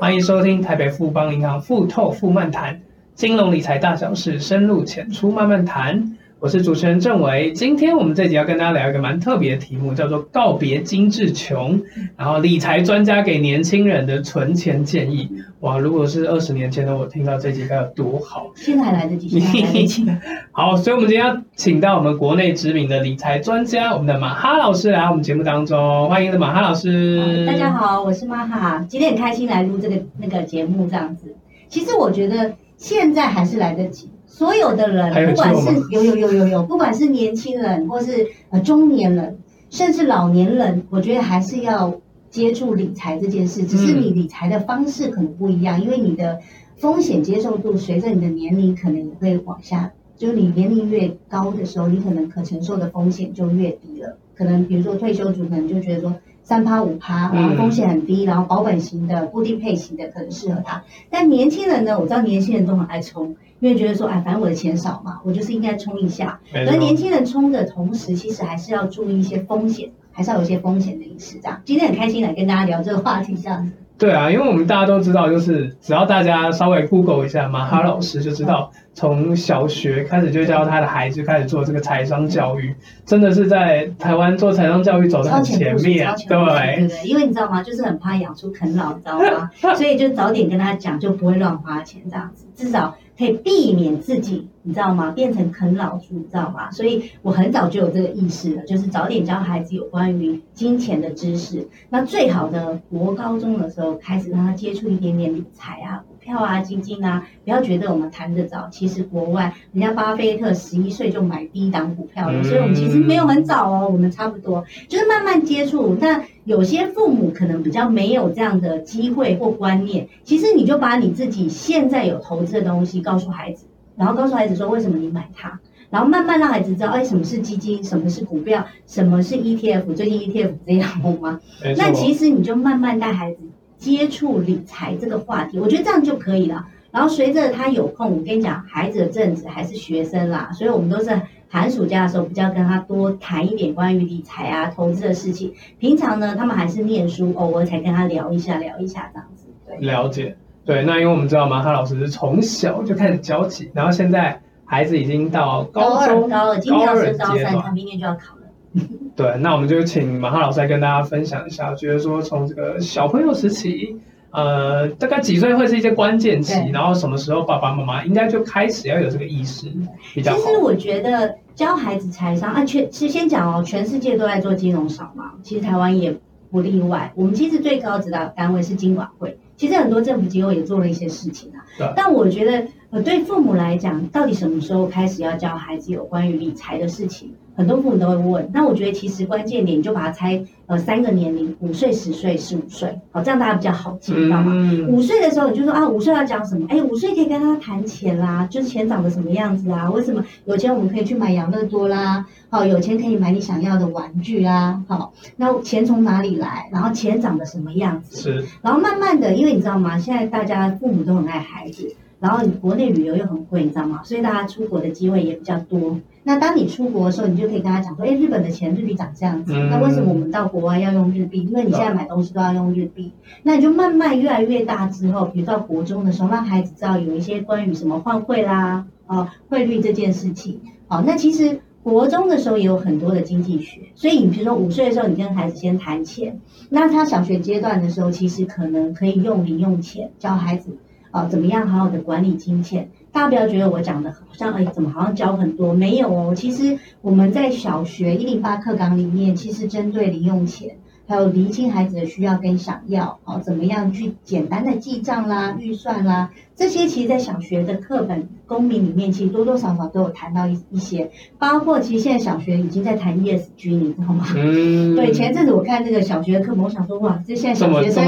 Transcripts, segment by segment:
歡迎收聽台北富邦銀行富透富漫談，金融理財大小事，深入淺出慢慢談。我是主持人鄭偉，今天我們這集要跟大家聊一個蠻特別的題目，叫做告別精致窮，然後理財專家給年輕人的存錢建議。哇，如果是二十年前的我聽到這集該有多好。現在還來得及，現在來得及。好，所以我們今天要請到我們國內知名的理財專家，我們的馬哈老師來我們節目當中，歡迎的馬哈老師。大家好，我是馬哈，今天很開心來錄這個那個節目，這樣子。其實我覺得現在還是來得及。所有的人，不管是有有有有有，不管是年輕人，或是呃中年人，甚至老年人，我覺得還是要接觸理財這件事。只是你理財的方式可能不一樣，因為你的風險接受度隨着你的年齡可能也會往下。就是你年齡越高的時候，你可能可承受的風險就越低了。可能比如說退休族可能就覺得說，三趴五趴，然後風險很低，然後保本型的、固定配型的可能適合他。但年輕人呢，我知道年輕人都很愛衝，因為覺得說哎，反正我的錢少嘛，我就是應該衝一下。所以年輕人衝的同時，其實還是要注意一些風險，還是要有一些風險的意識。這樣，今天很開心來跟大家聊這個話題，這樣。對啊，因為我們大家都知道，就是只要大家稍微 Google 一下馬哈老師，就知道從小學開始就教他的孩子開始做這個財商教育，真的是在台灣做財商教育走得很前面，對對對，因為你知道嗎？就是很怕養出啃老，你知道嗎？ 所以就早點跟他講，就不會亂花錢這樣子，至少。可以避免自己，你知道嗎？變成啃老族，你知道嗎？所以我很早就有這個意識了，就是早點教孩子有關於金錢的知識。那最好呢，國高中的時候開始讓他接觸一點點理財啊。.票啊，基金，金啊，不要覺得我們談得早。其實國外人家巴菲特十一歲就買第一檔股票了，嗯，所以我們其實沒有很早哦，我們差不多就是慢慢接觸。但有些父母可能比較沒有這樣的機會或觀念。其實你就把你自己現在有投資的東西告訴孩子，然後告訴孩子說為什麼你買它，然後慢慢讓孩子知道，哎，什麼是基金，什麼是股票，什麼是 ETF，最近 ETF 這樣紅嗎？那其實你就慢慢帶孩子。接觸理財這個話題，我覺得這樣就可以了。然後隨着他有空，我跟你講，孩子的陣子還是學生啦，所以我們都是寒暑假的時候比較跟他多談一點關於理財啊、投資的事情。平常呢，他們還是念書，偶爾才跟他聊一下、聊一下這樣子。對，了解。對，那因為我們知道馬塔老師是從小就開始教起，然後現在孩子已經到高中、高二、高二、今天要高三，高他明年就要考。 對，那我們就請馬哈老師來跟大家分享一下，覺得說從這個小朋友時期，呃，大概幾歲會是一些關鍵期，對然後什麼時候爸爸媽媽應該就開始要有這個意識，對比較好。其實我覺得教孩子財商，啊全，是先講哦，全世界都在做金融掃盲，其實台灣也不例外。我們其實最高指導單位是金管會，其實很多政府機構也做了一些事情啊，對但我覺得。對父母來講，到底什麼時候開始要教孩子有關於理財的事情？很多父母都會問。那我覺得其實關鍵點你就把它拆呃，三個年齡：五歲、十歲、十五歲。好，這樣大家比較好記，嗯、你知道嗎？五歲的時候，你就說啊，五歲要講什麼？哎，五歲可以跟他談錢啦，就是錢長得什麼樣子啊？為什麼有錢我們可以去買養樂多啦？好，有錢可以買你想要的玩具啦、啊？好，那錢從哪裡來？然後錢長得什麼樣子？是。然後慢慢的，因為你知道嗎？現在大家父母都很愛孩子。然後你國內旅遊又很貴，你知道嗎？所以大家出國的機會也比較多。那當你出國的時候，你就可以跟他講說：“哎，日本的錢日幣長這樣子，那為什麼我們到國外要用日幣？因為你現在買東西都要用日幣。”那你就慢慢越來越大之後，比如到國中的時候，讓孩子知道有一些關於什麼換匯啦、哦匯率這件事情。好，那其實國中的時候也有很多的經濟學。所以你比如說五歲的時候，你跟孩子先談錢。那他小學階段的時候，其實可能可以用零用錢教孩子。啊、哦，怎麼樣好好的管理金錢？大家不要覺得我講的好像，哎，怎麼好像教很多？沒有哦，其實我們在小學一零八課綱裡面，其實針對零用錢。還有釐清孩子的需要跟想要，好、哦、怎麼樣去簡單的記賬啦、預算啦，這些其實，在小學的課本、公民裡面，其實多多少少都有談到一一些。包括其實現在小學已經在談 E S G，你知道嗎？嗯、對，前陣子我看那個小學的課本，我想說哇，這現在小學生，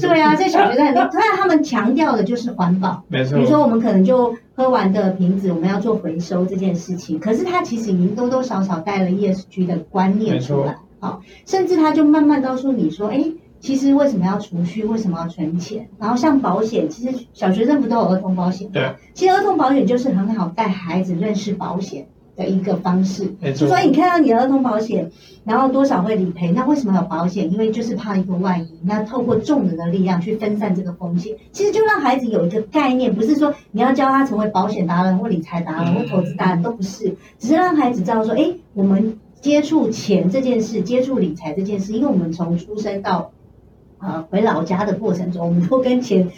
對啊，這小學生很多，當然 他們強調的就是環保。沒錯。比如說，我們可能就喝完的瓶子，我們要做回收這件事情，可是他其實已經多多少少帶了 E S G 的觀念出來。甚至他就慢慢告訴你說：“誒，其實為什麼要儲蓄？為什麼要存錢？然後像保險，其實小學生不都有兒童保險？對，其實兒童保險就是很好帶孩子認識保險的一個方式。沒錯誒，就說你看到你的兒童保險，然後多少會理賠，那為什麼有保險？因為就是怕一個萬一。那透過眾人的力量去分散這個風險，其實就讓孩子有一個概念，不是說你要教他成為保險達人或理財達人、嗯、或投資達人都不是，只是讓孩子知道說：誒，我們。”接觸錢這件事，接觸理財這件事，因為我們從出生到，呃，回老家的過程中，我們都跟錢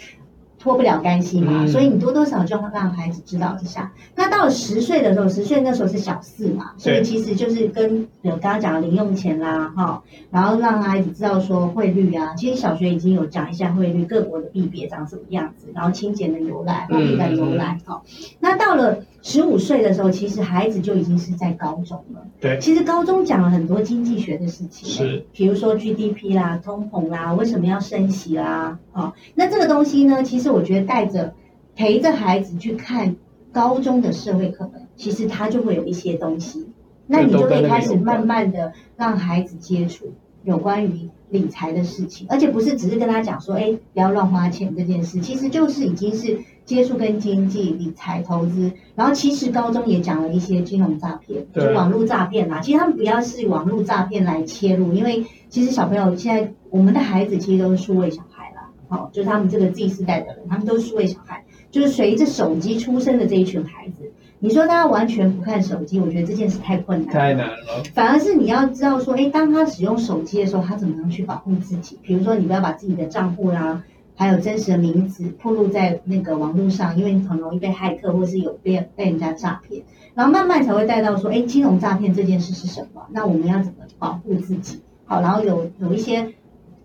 脫不了干係嘛，嗯、所以你多多少少就要讓孩子知道一下。那到了十歲的時候，十歲那時候是小四嘛，所以其實就是跟呃對剛剛講的零用錢啦，哈、哦，然後讓孩子知道說匯率啊，其實小學已經有講一下匯率，各國的幣別長什麼樣子，然後金錢的由來，貨幣的由來，好、嗯嗯哦，那到了。十五歲的時候，其實孩子就已經是在高中了。對，其實高中講了很多經濟學的事情，是，比如說 GDP 啦、通膨啦、為什麼要升息啦，啊、哦，那這個東西呢，其實我覺得帶着陪着孩子去看高中的社會課本，其實他就會有一些東西，是那你就可以開始慢慢的讓孩子接觸有關於理財的事情，而且不是只是跟他講說，哎、欸，不要亂花錢這件事，其實就是已經是。接觸跟經濟理財投資，然後其實高中也講了一些金融詐騙，對就是網絡詐騙啦。其實他們不要是網絡詐騙來切入，因為其實小朋友現在我們的孩子其實都是數位小孩啦。哦，就是他們這個 Z 世代的人，他們都是數位小孩，就是隨着手機出生的這一群孩子。你說大家完全不看手機，我覺得這件事太困難，太難了。反而是你要知道說，哎，當他使用手機的時候，他怎麼樣去保護自己？比如說，你不要把自己的賬戶啦、啊。還有真實的名字暴露在那個網絡上，因為你很容易被黑客，或是有被被人家詐騙，然後慢慢才會帶到說，哎、欸，金融詐騙這件事是什麼？那我們要怎麼保護自己？好，然後有有一些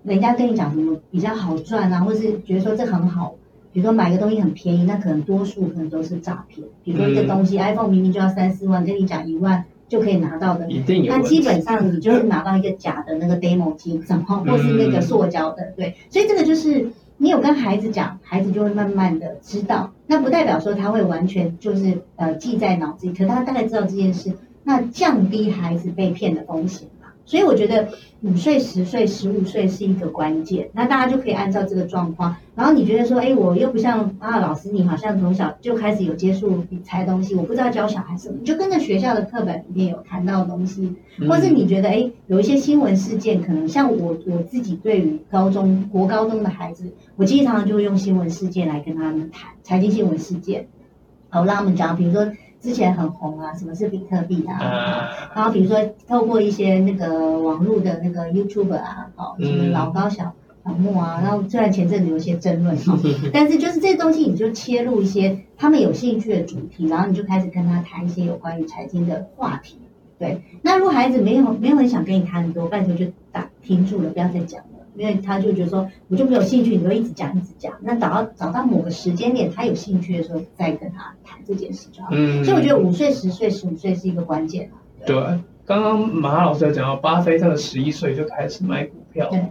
人家跟你講什麼比較好賺啊，或是覺得說這很好，比如說買一個東西很便宜，那可能多數可能都是詐騙。比如說一個東西、嗯、，iPhone 明明就要三四萬，跟你講一萬就可以拿到的，一定有。那基本上你就是拿到一個假的那個 demo 機子哦，或是那個塑膠的，對。所以這個就是。你有跟孩子講，孩子就會慢慢的知道，那不代表說他會完全就是，呃，記在腦子裡，可他大概知道這件事，那降低孩子被騙的風險。所以我覺得五歲、十歲、十五歲是一個關鍵，那大家就可以按照這個狀況。然後你覺得說，哎，我又不像啊，老師你好像從小就開始有接觸理財東西，我不知道教小孩什麼，你就跟着學校的課本裡面有談到的東西，或是你覺得，哎，有一些新聞事件，可能像我我自己對於高中國高中的孩子，我經常就用新聞事件來跟他們談財經新聞事件，然後我讓他們講，比如說，之前很紅啊，什麼是比特幣啊？Uh, 然後比如說透過一些那個網絡的那個 YouTuber 啊，哦，什麼老高小小、um, 木啊，然後雖然前陣子有一些爭論、啊， 但是就是這些東西，你就切入一些他們有興趣的主題，然後你就開始跟他談一些有關於財經的話題。對，那如果孩子沒有沒有人想跟你談，很多拜托就打停住了，不要再講。因為他就覺得說，我就沒有興趣，你就一直講一直講，那等到找到某個時間點，他有興趣的時候再跟他談這件事就好。嗯，所以我覺得五歲、十歲、十五歲，歲是一個關鍵、啊。對，對，剛剛馬老師有講到，巴菲特十一歲就開始買股票。對，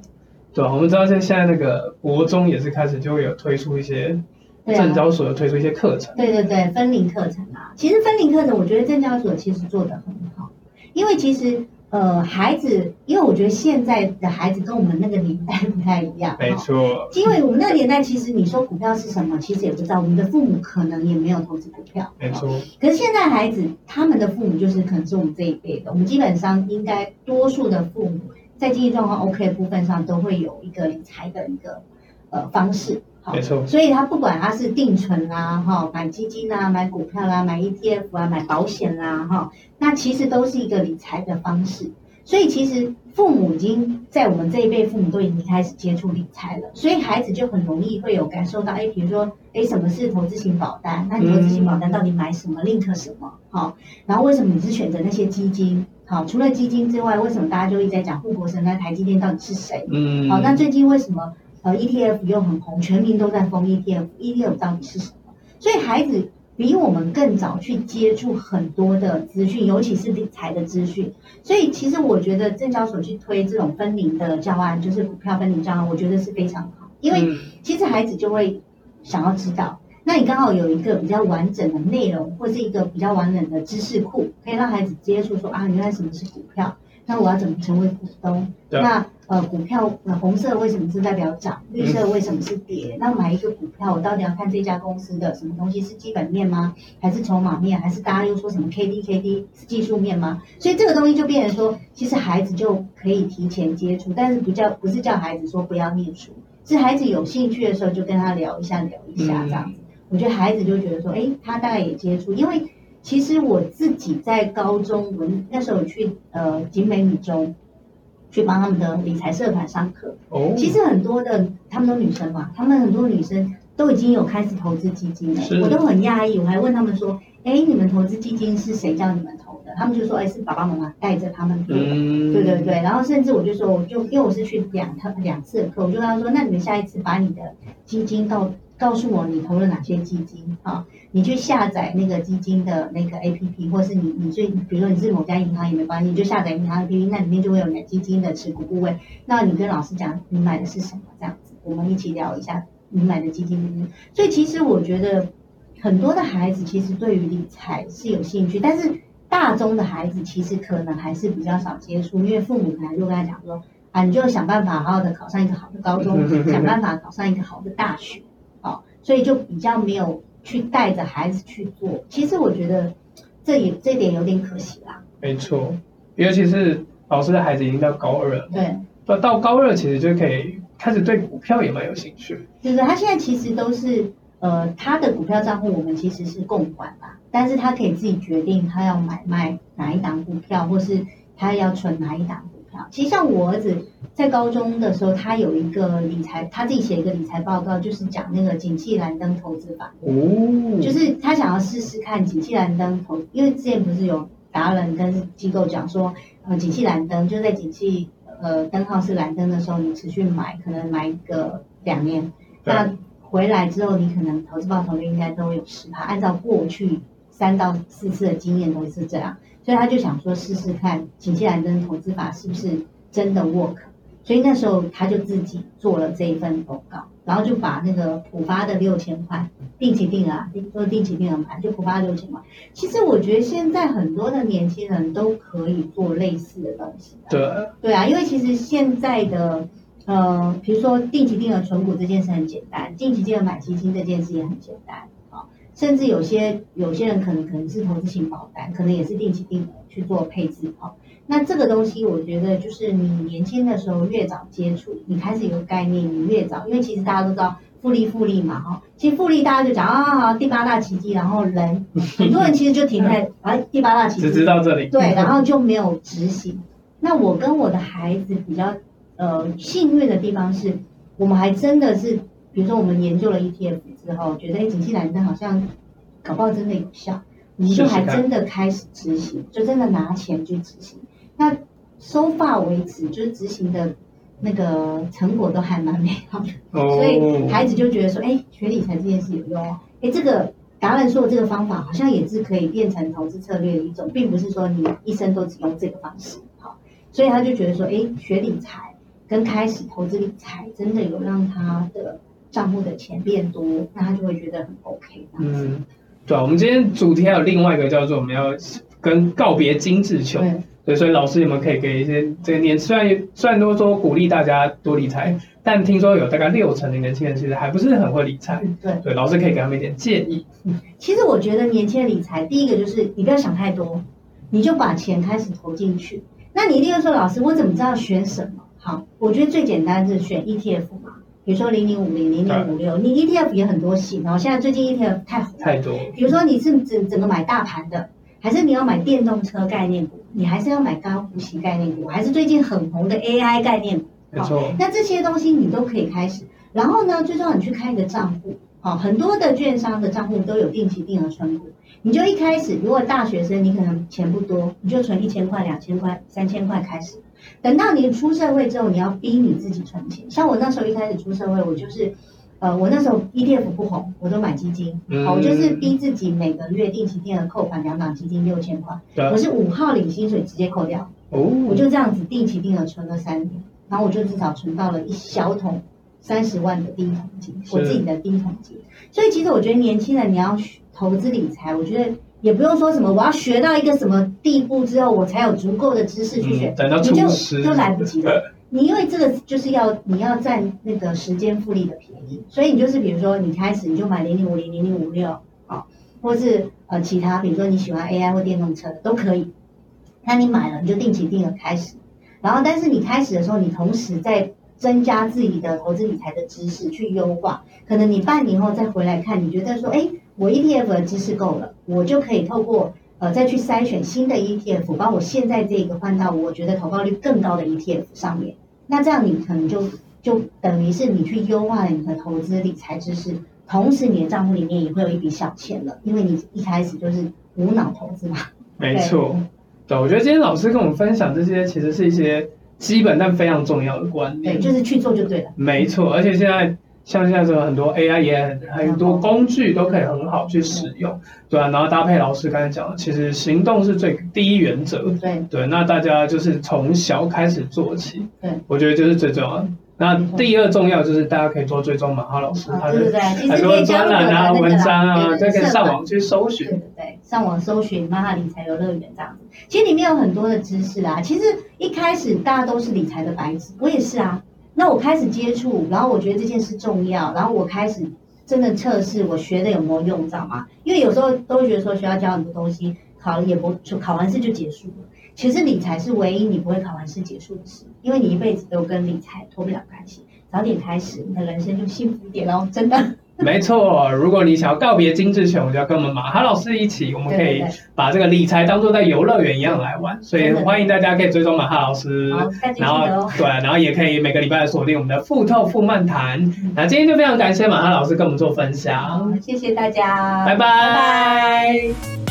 對，我們知道，現現在那個國中也是開始就會有推出一些，對啊、證交所有推出一些課程。對對對，分齡課程啊，其實分齡課程，我覺得證交所其實做得很好，因為其實。呃，孩子，因為我覺得現在的孩子跟我們那個年代不太一樣，沒錯。因為、哦、我們那個年代，其實你說股票是什麼，其實也不知道。我們的父母可能也沒有投資股票，沒錯、哦。可是現在孩子，他們的父母就是可能是我們這一輩的，我們基本上應該多數的父母，在經濟狀況 OK 的部分上，都會有一個理財的一個呃方式。好錯所以他不管他是定存啊，哈，買基金啊，買股票啦、啊，買 ETF 啊，買保險啦、啊，哈、哦，那其實都是一個理財的方式。所以其實父母已經在我們這一輩父母都已經開始接觸理財了，所以孩子就很容易會有感受到，哎，比如說，哎，什麼是投資型保單？那你投資型保單到底買什麼，嗯、link 什麼、哦？然後為什麼你是選擇那些基金？好、哦，除了基金之外，為什麼大家就一直在講護國神啊、台積電到底是誰？好、嗯哦，那最近為什麼？呃，ETF 又很紅，全民都在瘋 ETF。ETF 到底是什麼？所以孩子比我們更早去接觸很多的資訊，尤其是理財的資訊。所以其實我覺得證交所去推這種分齡的教案，就是股票分齡教案，我覺得是非常好，因為其實孩子就會想要知道。嗯、那你剛好有一個比較完整的內容，或是一個比較完整的知識庫，可以讓孩子接觸說啊，原來什麼是股票？那我要怎麼成為股東？嗯、那。呃，股票、呃、紅色為什麼是代表漲？綠色為什麼是跌？嗯、那買一個股票，我到底要看這家公司的什麼東西是基本面嗎？還是籌碼面？還是大家又說什麼 K D K D 是技術面嗎？所以這個東西就變成說，其實孩子就可以提前接觸，但是不叫，不是叫孩子說不要念書，是孩子有興趣的時候就跟他聊一下，聊一下這樣子。嗯、我覺得孩子就覺得說，誒，他大概也接觸，因為其實我自己在高中，我那時候去呃、景美女中。去幫他們的理財社團上課，oh, 其實很多的，他們都女生嘛，他們很多女生都已經有開始投資基金了，是我都很訝異，我還問他們說，哎、欸，你們投資基金是誰叫你們投的？他們就說，哎、欸，是爸爸媽媽帶着他們投的，嗯、對對對，然後甚至我就說，我就因為我是去兩趟兩次的課，我就跟他說，那你們下一次把你的基金到。告訴我你投了哪些基金啊？你去下載那個基金的那個 APP，或是你你最比如說你是某家銀行也沒關係，你就下載銀行 APP，那裡面就會有哪些基金的持股部位。那你跟老師講你買的是什麼這樣子，我們一起聊一下你買的基金。所以其實我覺得很多的孩子其實對於理財是有興趣，但是大中的孩子其實可能還是比較少接觸，因為父母可能就跟他講說啊，你就想辦法好好的考上一個好的高中， 想辦法考上一個好的大學。所以就比較沒有去帶着孩子去做，其實我覺得這也這點有點可惜啦。沒錯，尤其是老師的孩子已經到高二了。對，到高二其實就可以開始對股票也蠻有興趣。就是他現在其實都是呃，他的股票賬戶我們其實是共管啦，但是他可以自己決定他要買賣哪一檔股票，或是他要存哪一檔股票。其實像我兒子在高中的時候，他有一個理財，他自己寫一個理財報告，就是講那個景氣藍燈投資法。哦，就是他想要試試看景氣藍燈投資，因為之前不是有達人跟機構講說，呃、嗯，景氣藍燈就在景氣，呃，燈號是藍燈的時候，你持續買，可能買個兩年，那回來之後你可能投資報酬率應該都有十趴，按照過去三到四次的經驗都是這樣。所以他就想說，試試看景氣藍燈投資法是不是真的 work？所以那時候他就自己做了這一份報告，然後就把那個浦發的六千塊定期定額，做定、定期定額買，就浦發六千塊。其實我覺得現在很多的年輕人都可以做類似的東西的。對，對啊，因為其實現在的，呃，比如說定期定額存股這件事很簡單，定期定額買基金這件事也很簡單。甚至有些有些人可能可能是投資型保單，可能也是定期定額去做配置哈。那這個東西，我覺得就是你年輕的時候越早接觸，你開始有個概念，你越早。因為其實大家都知道複利複利嘛哈。其實複利大家就講啊第八大奇蹟，然後人很多人其實就停在 啊第八大奇蹟，只知道這裡，對，然後就沒有執行。那我跟我的孩子比較呃幸運的地方是，我們還真的是。比如說，我們研究了 ETF 之後，覺得哎，景氣藍燈好像搞不好真的有效，你就還真的開始執行，試試就真的拿錢去執行。那 so far 為止，就是執行的那個成果都還蠻美好的，oh. 所以孩子就覺得說，哎，學理財這件事有用哦、啊。哎，這個達人說的這個方法，好像也是可以變成投資策略的一種，並不是說你一生都只用這個方式。好，所以他就覺得說，哎，學理財跟開始投資理財，真的有讓他的。賬戶的錢變多，那他就會覺得很 OK。嗯，對啊，我們今天主題還有另外一個叫做我們要跟告別精緻窮。對,對，所以老師你們可以給一些這個年雖然雖然都說鼓勵大家多理財，但聽說有大概六成的年輕人其實還不是很會理財。嗯，對，對，老師可以給他們一點建議。嗯，其實我覺得年輕人理財第一個就是你不要想太多，你就把錢開始投進去。那你一定要說老師，我怎麼知道選什麼？好，我覺得最簡單是選 ETF。比如說零零五零零零五六，你一天要別很多，然後現在最近一天太紅，太多了。比如說你是整整個買大盤的，還是你要買電動車概念股？你還是要買高股息概念股？還是最近很紅的 AI 概念股？沒錯好。那這些東西你都可以開始。然後呢，最重要你去開一個賬戶。好，很多的券商的賬戶都有定期定額存股。你就一開始，如果大學生，你可能錢不多，你就存一千塊、兩千塊、三千塊開始。等到你出社會之後，你要逼你自己存錢。像我那時候一開始出社會，我就是，呃，我那時候 ETF 不紅，我都買基金。好、嗯，我就是逼自己每個月定期定額扣款兩檔基金六千塊，我、嗯、是五號領薪水直接扣掉。哦，我就這樣子定期定額存了三年，然後我就至少存到了一小桶。三十萬的第一桶金，我自己的第一桶金。是所以其實我覺得年輕人你要投資理財，我覺得也不用說什麼我要學到一個什麼地步之後我才有足夠的知識去選擇，嗯、你就都來不及了。對你因為這個就是要你要占那個時間複利的便宜，所以你就是比如說你開始你就買零零五零零零五六或是呃其他，比如說你喜歡 AI 或電動車都可以。那你買了你就定期定額開始，然後但是你開始的時候你同時在。增加自己的投資理財的知識，去優化。可能你半年後再回來看，你覺得說，哎，欸，我 ETF 的知識夠了，我就可以透過呃再去篩選新的 ETF，把我現在這個換到我覺得投放率更高的 ETF 上面。那這樣你可能就就等於是你去優化了你的投資理財知識，同時你的賬戶裡面也會有一筆小錢了，因為你一開始就是無腦投資嘛。沒錯，對，對，我覺得今天老師跟我們分享這些，其實是一些。基本但非常重要的觀念，就是去做就對了。沒錯，而且現在像現在這種很多 AI 也很多工具都可以很好去使用，好對啊。然後搭配老師剛才講的，其實行動是最第一原則。對對，對，那大家就是從小開始做起。對，我覺得就是最重要的。那對第二重要就是大家可以做追蹤馬哈老師，他的很多專欄啊、文章啊，都可以上網去搜尋，對，對，對上網搜尋馬哈理財遊樂園這樣子，其實裡面有很多的知識啊，其實。一開始大家都是理財的白紙，我也是啊。那我開始接觸，然後我覺得這件事重要，然後我開始真的測試我學的有沒有用，你知道嗎？因為有時候都覺得說，學校教很多東西，考了也不就考完試就結束了。其實理財是唯一你不會考完試結束的事，因為你一輩子都跟理財脫不了關係。早點開始，你的人生就幸福一點哦，真的。 沒錯，如果你想要告別精緻窮，我就要跟我們馬哈老師一起，我們可以把這個理財當做在遊樂園一樣來玩，所以歡迎大家可以追蹤馬哈老師， 情情哦、然後對，然後也可以每個禮拜鎖定我們的富透富漫談。 那今天就非常感謝馬哈老師跟我們做分享，謝謝大家，拜拜 bye。Bye bye